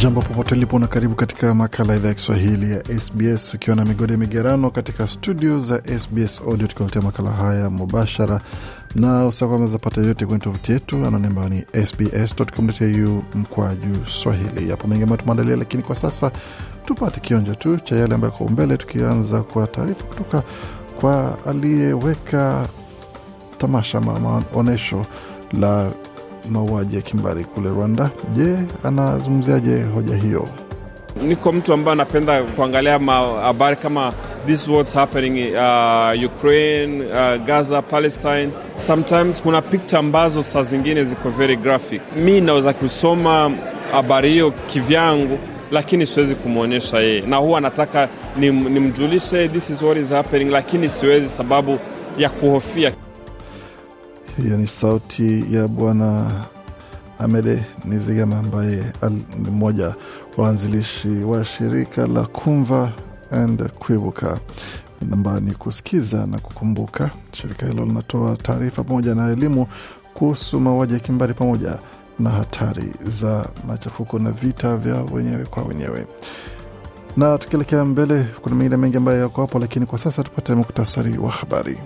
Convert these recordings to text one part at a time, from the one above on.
Jambo popote lipo na karibu katika makala idhaa ya Kiswahili ya SBS ukiwa na migodi ya migerano katika studio za SBS Audio, tukiletea makala haya mubashara na usakwameza pata yote kwenye tovuti yetu anwani ambayo ni sbs.com.au mkwaju swahili. Yapo mengi ambayo tumeandalia, lakini kwa sasa tupate kionjo tu cha yale ambayo kwa umbele, tukianza kwa taarifa kutoka kwa aliyeweka tamasha maonesho la mauaji ya kimbari kule Rwanda. Je, anazungumziaje hoja hiyo? Niko mtu ambaye anapenda kuangalia habari kama this what's happening uh, Ukraine, uh, Gaza, Palestine. Sometimes kuna pikcha ambazo saa zingine ziko very graphic. Mi naweza kusoma habari hiyo kivyangu, lakini siwezi kumwonyesha yeye, na huwa anataka nimjulishe this is what is happening, lakini siwezi sababu ya kuhofia hiyo ni sauti ya Bwana Amede Nizigama ambaye ni mmoja waanzilishi wa shirika la Kumva and Kuibuka ambayo ni kusikiza na kukumbuka. Shirika hilo linatoa taarifa pamoja na elimu kuhusu mauaji ya kimbari pamoja na hatari za machafuko na vita vya wenyewe kwa wenyewe. Na tukielekea mbele, kuna mengine mengi ambayo yako hapo, lakini kwa sasa tupate muktasari wa habari.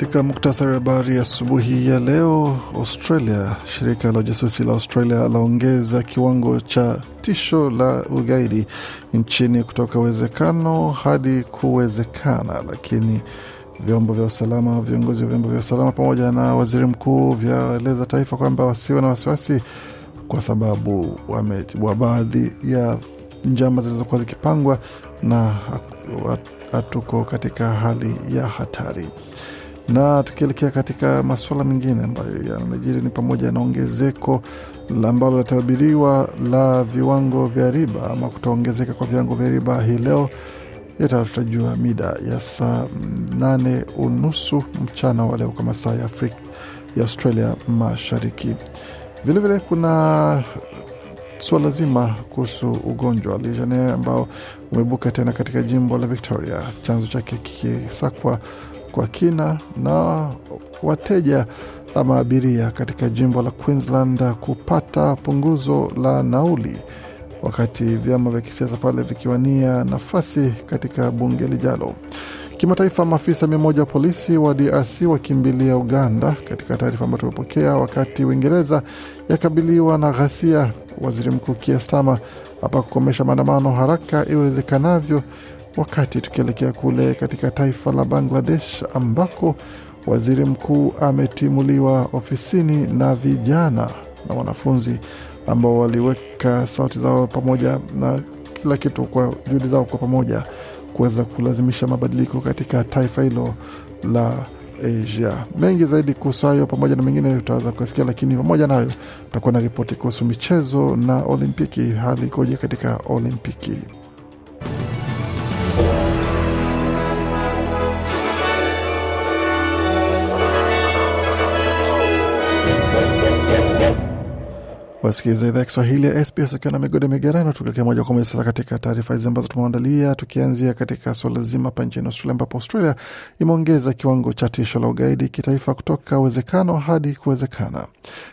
Katika muktasari wa habari asubuhi ya, ya leo, Australia, shirika la ujasusi la Australia laongeza kiwango cha tisho la ugaidi nchini kutoka uwezekano hadi kuwezekana, lakini vyombo vya usalama, viongozi wa vyombo vya usalama pamoja na waziri mkuu vyaeleza taifa kwamba wasiwe na wasiwasi kwa sababu wametibua baadhi ya njama zilizokuwa zikipangwa na hatuko katika hali ya hatari. Na tukielekea katika masuala mengine ambayo yamejiri ni pamoja na ongezeko ambalo linatabiriwa la viwango vya riba ama kutoongezeka kwa viwango vya riba hii leo yatatajua mida ya saa nane unusu mchana wa leo kwa masaa ya Afrika ya Australia Mashariki. Vilevile vile kuna suala zima kuhusu ugonjwa wa Legionnaire ambao umebuka tena katika jimbo la Victoria, chanzo chake kikisakwa kwa kina na wateja ama abiria katika jimbo la Queensland kupata punguzo la nauli, wakati vyama vya kisiasa pale vikiwania nafasi katika bunge lijalo. Kimataifa, maafisa mia moja wa polisi wa DRC wakimbilia Uganda, katika taarifa ambayo tumepokea. Wakati Uingereza yakabiliwa na ghasia, waziri mkuu Kiastama hapa kukomesha maandamano haraka iwezekanavyo Wakati tukielekea kule katika taifa la Bangladesh ambako waziri mkuu ametimuliwa ofisini na vijana na wanafunzi ambao waliweka sauti zao pamoja na kila kitu kwa juhudi zao kwa pamoja kuweza kulazimisha mabadiliko katika taifa hilo la Asia. Mengi zaidi kuhusu hayo pamoja na mengine utaweza kusikia, lakini pamoja nayo tutakuwa na ripoti kuhusu michezo na Olimpiki. Hali ikoje katika Olimpiki? Wasikiliza idhaa ya Kiswahili ya SBS ukiwa na migodi migerano, tukilekea moja kwa moja sasa katika taarifa hizi ambazo tumeandalia, tukianzia katika suala zima hapa nchini Australia, ambapo Australia imeongeza kiwango cha tisho la ugaidi kitaifa kutoka uwezekano hadi kuwezekana.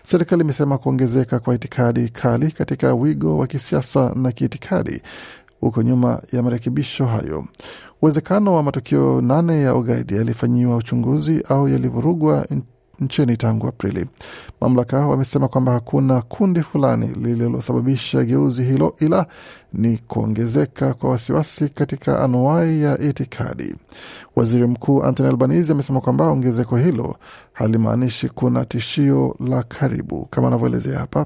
Serikali imesema kuongezeka kwa itikadi kali katika wigo wa kisiasa na kiitikadi huko nyuma ya marekebisho hayo. Uwezekano wa matukio nane ya ugaidi yalifanyiwa uchunguzi au yalivurugwa nchini tangu Aprili. Mamlaka wamesema kwamba hakuna kundi fulani lililosababisha geuzi hilo, ila ni kuongezeka kwa wasiwasi katika anuai ya itikadi. Waziri Mkuu Anthony Albanese amesema kwamba ongezeko hilo halimaanishi kuna tishio la karibu, kama anavyoelezea hapa.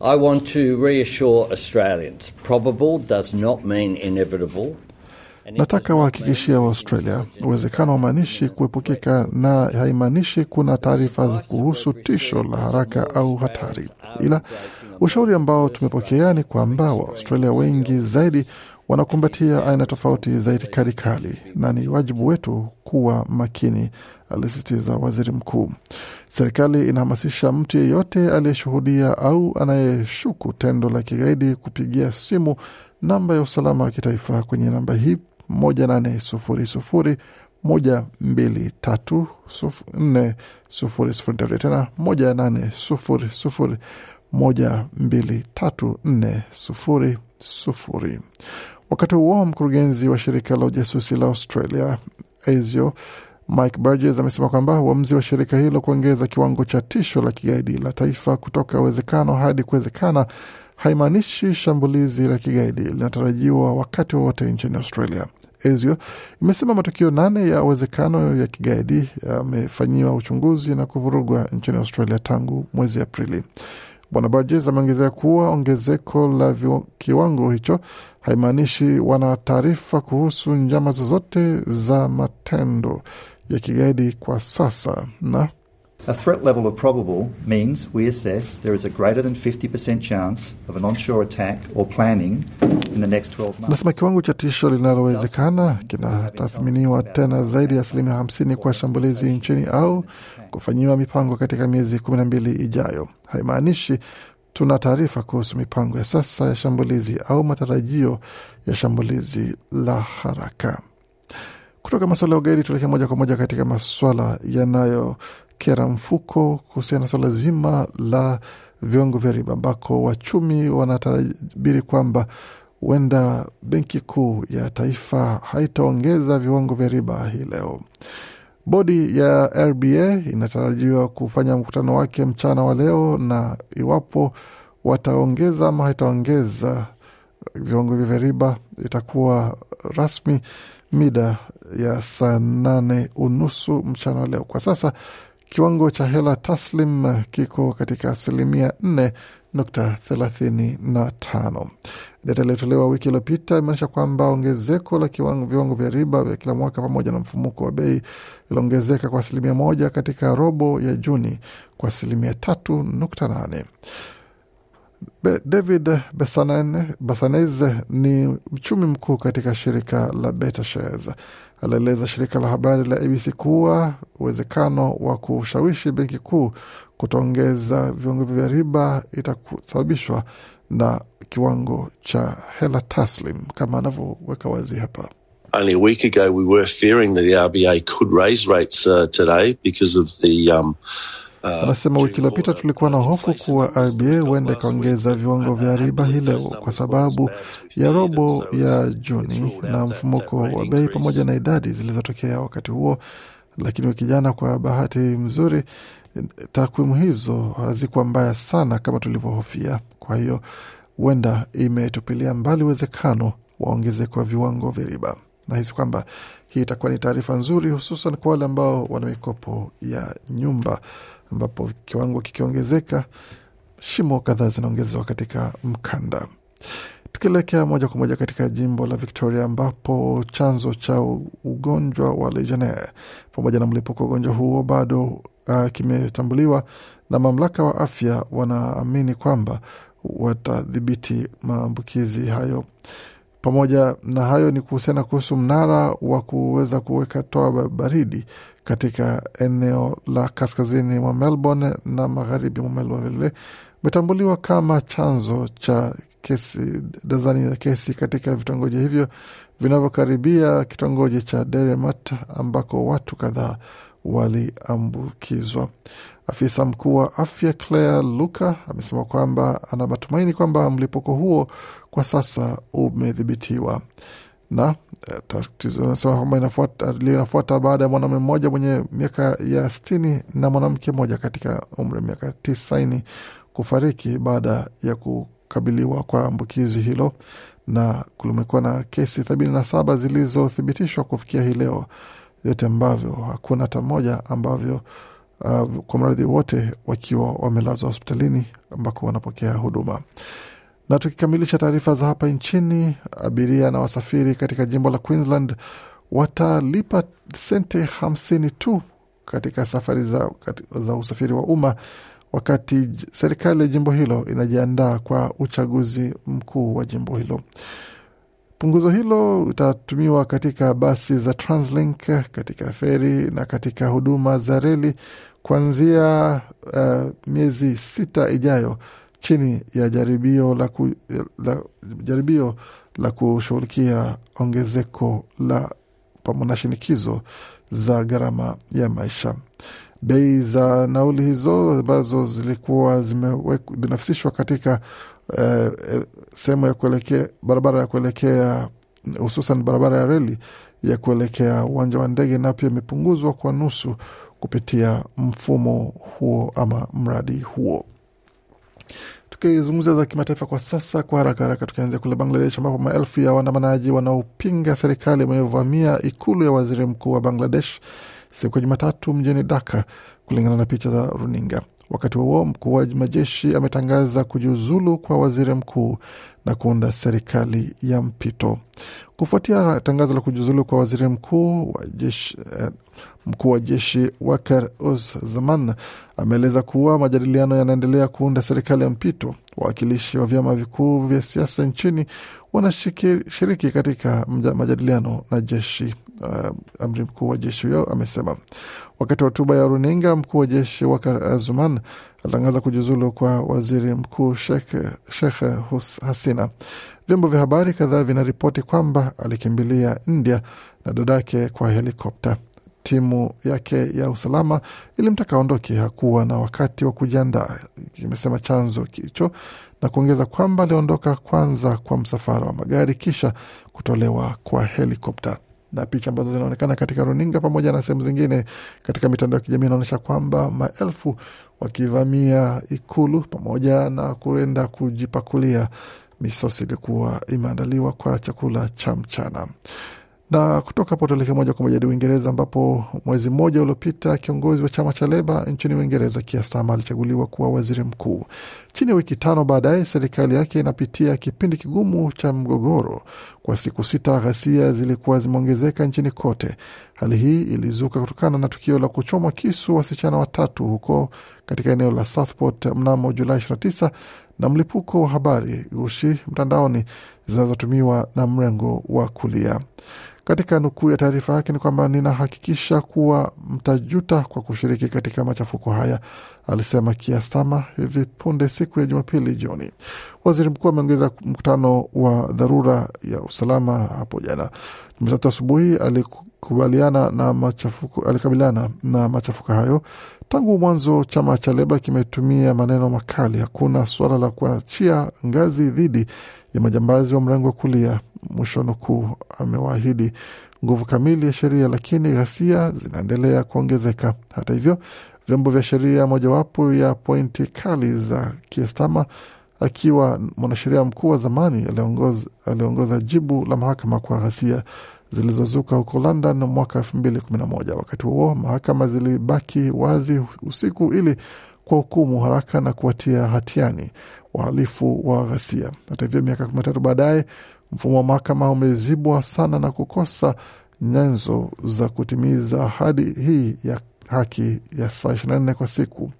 I want to reassure Australians. Probable does not mean inevitable. Nataka wahakikishia waustralia uwezekano wa maanishi kuepukika na haimaanishi kuna taarifa kuhusu tisho la haraka au hatari, ila ushauri ambao tumepokea ni kwamba Waaustralia wengi zaidi wanakumbatia aina tofauti za itikadi kali na ni wajibu wetu kuwa makini, alisisitiza waziri mkuu. Serikali inahamasisha mtu yeyote aliyeshuhudia au anayeshuku tendo la kigaidi kupigia simu namba ya usalama wa kitaifa kwenye namba hii moja nane sufuri sufuri moja mbili tatu nne sufuri sufuri tena moja nane sufuri sufuri moja mbili tatu nne sufuri sufuri. Wakati huo mkurugenzi wa shirika la ujasusi la Australia ASIO Mike Burgess amesema kwamba uamuzi wa shirika hilo kuongeza kiwango cha tisho la kigaidi la taifa kutoka uwezekano hadi kuwezekana haimaanishi shambulizi la kigaidi linatarajiwa wakati wowote nchini Australia. ASIO imesema matukio nane ya uwezekano ya kigaidi yamefanyiwa uchunguzi na kuvurugwa nchini Australia tangu mwezi Aprili. Bwana Burgess ameongezea kuwa ongezeko la kiwango hicho haimaanishi wana taarifa kuhusu njama zozote za matendo ya kigaidi kwa sasa, na A threat level of probable means we assess there is a greater than 50% chance of an onshore attack or planning in the next 12 months. Nasema kiwango cha tisho linalowezekana kinatathminiwa tena zaidi ya asilimia 50 kwa shambulizi nchini au kufanyiwa mipango katika miezi 12 ijayo. Haimaanishi tuna taarifa kuhusu mipango ya sasa ya shambulizi au matarajio ya shambulizi la haraka. Kutoka maswala ya ugaidi, tuelekea moja kwa moja katika maswala yanayokera mfuko kuhusiana na swala zima la viwango vya riba, ambako wachumi wanatabiri kwamba huenda Benki Kuu ya Taifa haitaongeza viwango vya riba hii leo. Bodi ya RBA inatarajiwa kufanya mkutano wake mchana wa leo, na iwapo wataongeza ama haitaongeza viwango vya riba itakuwa rasmi mida ya saa nane unusu mchana leo. Kwa sasa kiwango cha hela taslim kiko katika asilimia nne nukta thelathini na tano. Data iliyotolewa wiki iliyopita imeonyesha kwamba ongezeko la kiwango, viwango vya riba vya kila mwaka pamoja na mfumuko wa bei iliongezeka kwa asilimia moja katika robo ya Juni kwa asilimia tatu nukta nane. David Bassanez ni mchumi mkuu katika shirika la BetaShares alieleza shirika la habari la ABC kuwa uwezekano wa kushawishi benki kuu kutoongeza viwango vya riba itasababishwa na kiwango cha hela taslim, kama anavyoweka wazi hapa. Only a week ago we were fearing that the RBA could raise rates uh, today because of the um, Anasema wiki iliyopita tulikuwa na hofu kuwa rba huenda ikaongeza viwango vya riba hii leo kwa sababu ya robo ya Juni na mfumuko wa bei pamoja na idadi zilizotokea wakati huo, lakini wiki jana, kwa bahati mzuri, takwimu hizo hazikuwa mbaya sana kama tulivyohofia. Kwa hiyo huenda imetupilia mbali uwezekano wa ongezeko viwango vya riba. Nahisi kwamba hii itakuwa ni taarifa nzuri, hususan kwa wale ambao wana mikopo ya nyumba ambapo kiwango kikiongezeka, shimo kadhaa zinaongezewa katika mkanda. Tukielekea moja kwa moja katika jimbo la Victoria ambapo chanzo cha ugonjwa wa Legionnaire pamoja na mlipuko wa ugonjwa huo bado uh, kimetambuliwa na mamlaka wa afya wanaamini kwamba watadhibiti maambukizi hayo. Pamoja na hayo ni kuhusiana kuhusu mnara wa kuweza kuweka toa baridi katika eneo la kaskazini mwa Melbourne na magharibi mwa Melbourne vilevile umetambuliwa kama chanzo cha kesi dazani ya kesi katika vitongoji hivyo vinavyokaribia kitongoji cha Deremat ambako watu kadhaa waliambukizwa. Afisa mkuu wa afya Claire Luka amesema kwamba ana matumaini kwamba mlipuko huo kwa sasa umedhibitiwa na eh, linafuata baada ya mwanaume mmoja mwenye miaka ya stini na mwanamke mmoja katika umri wa miaka tisaini kufariki baada ya kukabiliwa kwa ambukizi hilo, na kulimekuwa na kesi thabini na saba zilizothibitishwa kufikia hii leo, yote ambavyo hakuna hata moja ambavyo uh, kwa mradhi wote wakiwa wamelazwa hospitalini ambako wanapokea huduma. Na tukikamilisha taarifa za hapa nchini, abiria na wasafiri katika jimbo la Queensland watalipa sente hamsini tu katika safari za, za usafiri wa umma wakati serikali ya jimbo hilo inajiandaa kwa uchaguzi mkuu wa jimbo hilo. Punguzo hilo itatumiwa katika basi za Translink, katika feri na katika huduma za reli kuanzia uh, miezi sita ijayo chini ya jaribio la, ku, la, jaribio la kushughulikia ongezeko la pamoja na shinikizo za gharama ya maisha. Bei za nauli hizo ambazo zilikuwa zimebinafsishwa katika eh, eh, sehemu ya kuelekea barabara ya kuelekea hususan barabara ya reli ya kuelekea uwanja wa ndege na pia imepunguzwa kwa nusu kupitia mfumo huo ama mradi huo. Tukizungumzia za kimataifa kwa sasa, kwa haraka haraka, tukianzia kule Bangladesh ambapo maelfu ya waandamanaji wanaopinga serikali wamevamia ikulu ya waziri mkuu wa Bangladesh siku ya Jumatatu mjini Dhaka, kulingana na picha za runinga. Wakati huo mkuu wa majeshi ametangaza kujiuzulu kwa waziri mkuu na kuunda serikali ya mpito. Kufuatia tangazo la kujiuzulu kwa waziri mkuu wa jeshi, eh, mkuu wa jeshi Wakar Uz Zaman ameeleza kuwa majadiliano yanaendelea kuunda serikali ya mpito. Wawakilishi wa vyama vikuu vya siasa nchini wanashiriki katika majadiliano na jeshi uh, amri mkuu wa jeshi huyo amesema. Wakati wa hotuba ya runinga, mkuu wa jeshi Wakar Azuman alitangaza kujiuzulu kwa waziri mkuu Shekh Hasina. Vyombo vya habari kadhaa vinaripoti kwamba alikimbilia India na dadake kwa helikopta. Timu yake ya usalama ilimtaka aondoke, hakuwa na wakati wa kujiandaa, kimesema chanzo kicho na kuongeza kwamba aliondoka kwanza kwa msafara wa magari kisha kutolewa kwa helikopta na picha ambazo zinaonekana katika runinga pamoja na sehemu zingine katika mitandao ya kijamii inaonyesha kwamba maelfu wakivamia Ikulu pamoja na kuenda kujipakulia misosi ilikuwa imeandaliwa kwa chakula cha mchana. Na kutoka hapo tuelekea moja kwa moja hadi Uingereza, ambapo mwezi mmoja uliopita kiongozi wa chama cha Leba nchini Uingereza, Keir Starmer, alichaguliwa kuwa waziri mkuu. Chini ya wiki tano baadaye, serikali yake inapitia kipindi kigumu cha mgogoro. Kwa siku sita, ghasia zilikuwa zimeongezeka nchini kote. Hali hii ilizuka kutokana na tukio la kuchomwa kisu wasichana watatu huko katika eneo la Southport mnamo Julai 29 na mlipuko wa habari ghushi mtandaoni zinazotumiwa na mrengo wa kulia. Katika nukuu ya taarifa yake ni kwamba ninahakikisha kuwa mtajuta kwa kushiriki katika machafuko haya, alisema Kiastama hivi punde siku ya Jumapili jioni. Waziri mkuu ameongeza mkutano wa dharura ya usalama hapo jana Jumatatu asubuhi alikubaliana na machafuko, alikabiliana na machafuko hayo. Tangu mwanzo chama cha Leba kimetumia maneno makali. Hakuna suala la kuachia ngazi dhidi ya majambazi wa mrengo wa kulia mwisho nukuu. Amewaahidi nguvu kamili ya sheria, lakini ghasia zinaendelea kuongezeka. Hata hivyo, vyombo vya sheria, mojawapo ya pointi kali za Kiestama akiwa mwanasheria mkuu wa zamani aliongoza, aliongoza jibu la mahakama kwa ghasia zilizozuka huko London mwaka elfu mbili kumi na moja. Wakati huo mahakama zilibaki wazi usiku ili kwa hukumu haraka na kuwatia hatiani wahalifu wa ghasia. Hata hivyo, miaka kumi na tatu baadaye Mfumo wa mahakama umezibwa sana na kukosa nyenzo za kutimiza ahadi hii ya haki ya saa nne kwa siku.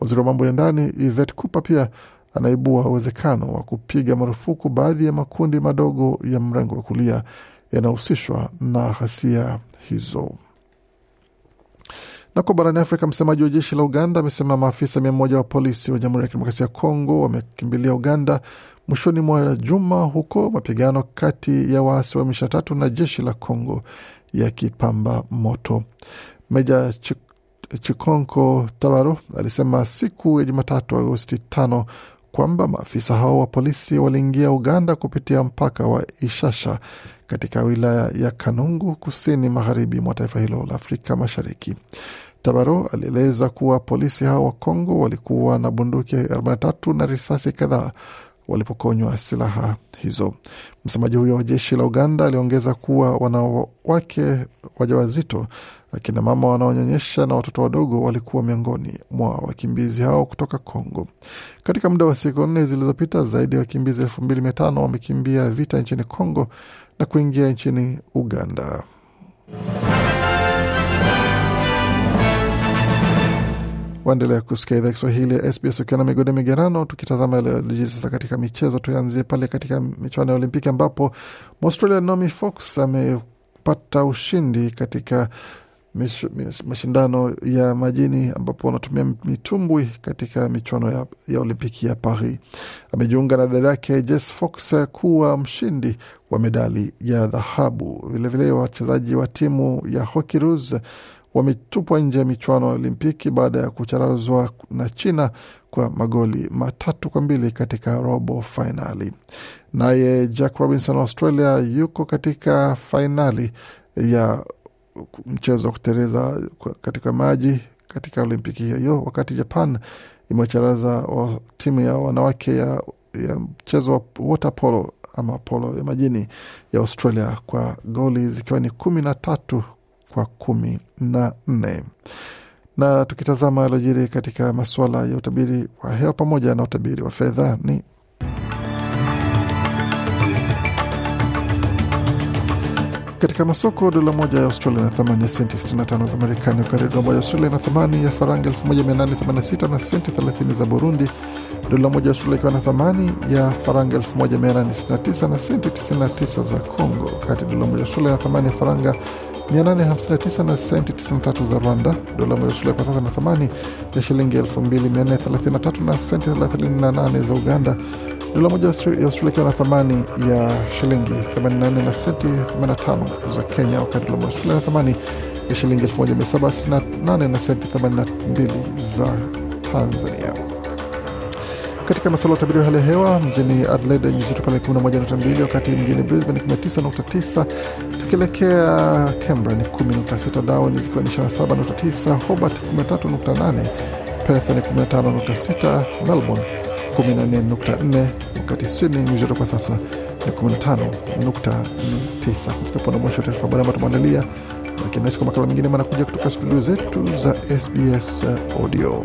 Waziri wa mambo ya ndani Yvette Cooper pia anaibua uwezekano wa kupiga marufuku baadhi ya makundi madogo ya mrengo wa kulia yanahusishwa na ghasia hizo. Nako barani Afrika, msemaji wa jeshi la Uganda amesema maafisa mia moja wa polisi wa Jamhuri ya Kidemokrasia ya Kongo wamekimbilia Uganda mwishoni mwa juma, huko mapigano kati ya waasi wa M23 na jeshi la Kongo yakipamba moto. Meja Chikonko Tabaro alisema siku ya Jumatatu, Agosti tano kwamba maafisa hao wa polisi waliingia Uganda kupitia mpaka wa Ishasha katika wilaya ya Kanungu, kusini magharibi mwa taifa hilo la Afrika Mashariki. Tabaro alieleza kuwa polisi hao wa Kongo walikuwa na bunduki 43 na risasi kadhaa walipokonywa silaha hizo. Msemaji huyo wa jeshi la Uganda aliongeza kuwa wanawake wajawazito, akina mama wanaonyonyesha na watoto wadogo walikuwa miongoni mwa wakimbizi hao kutoka Kongo. Katika muda wa siku nne zilizopita, zaidi ya wakimbizi elfu mbili mia tano wamekimbia vita nchini Kongo na kuingia nchini Uganda. Waendelea kusikia idhaa Kiswahili ya SBS ukiwa na migode migerano. Tukitazama yaliyojiri sasa katika michezo, tuanzie pale katika michuano ya Olimpiki ambapo Mwaustralia Naomi Fox amepata ushindi katika mashindano ya majini ambapo wanatumia mitumbwi katika michuano ya, ya Olimpiki ya Paris. Amejiunga na dada yake Jess Fox kuwa mshindi wa medali ya dhahabu. Vilevile wachezaji wa timu ya Hokiroos wametupwa nje ya michuano ya Olimpiki baada ya kucharazwa na China kwa magoli matatu kwa mbili katika robo fainali. Naye Jack Robinson wa Australia yuko katika fainali ya mchezo wa kutereza katika maji katika Olimpiki hiyo, wakati Japan imecharaza timu ya wanawake ya, ya mchezo wa water polo ama polo ya majini ya Australia kwa goli zikiwa ni kumi na tatu kwa kumi na nne na tukitazama alojiri katika masuala ya utabiri wa hewa pamoja na utabiri wa fedha ni Katika masoko dola moja ya Australia na thamani ya senti 65 za Marekani, wakati dola moja ya Australia na thamani ya faranga 1886 na senti 30 za Burundi, dola moja ya Australia ikiwa na thamani ya faranga 1869 na senti 99 za Congo, wakati dola moja ya Australia na thamani ya faranga 859 na senti 93 za Rwanda. Dola moja kwa sasa na thamani ya shilingi 2433 na senti 38 za Uganda. Dola moja ya Australia ikiwa na thamani ya shilingi 84 na senti 85 za Kenya, wakati dola moja shule na thamani ya shilingi 1768 na senti 82 za Tanzania katika masuala ya utabiri wa hali ya hewa mjini Adelaide nyuzi joto pale 11.2, wakati mjini Brisbane 19.9, tukielekea Canberra ni 10.6, Darwin zikiwa ni 27.9, Hobart 13.8, Perth ni 15.6, Melbourne 14.4, wakati Sydney nyuzi joto kwa sasa ni 15.9. Kufika pona mwisho taarifa habari ambayo tumeandalia, lakini nasi kwa makala mengine manakuja kutoka studio zetu za SBS uh, Audio.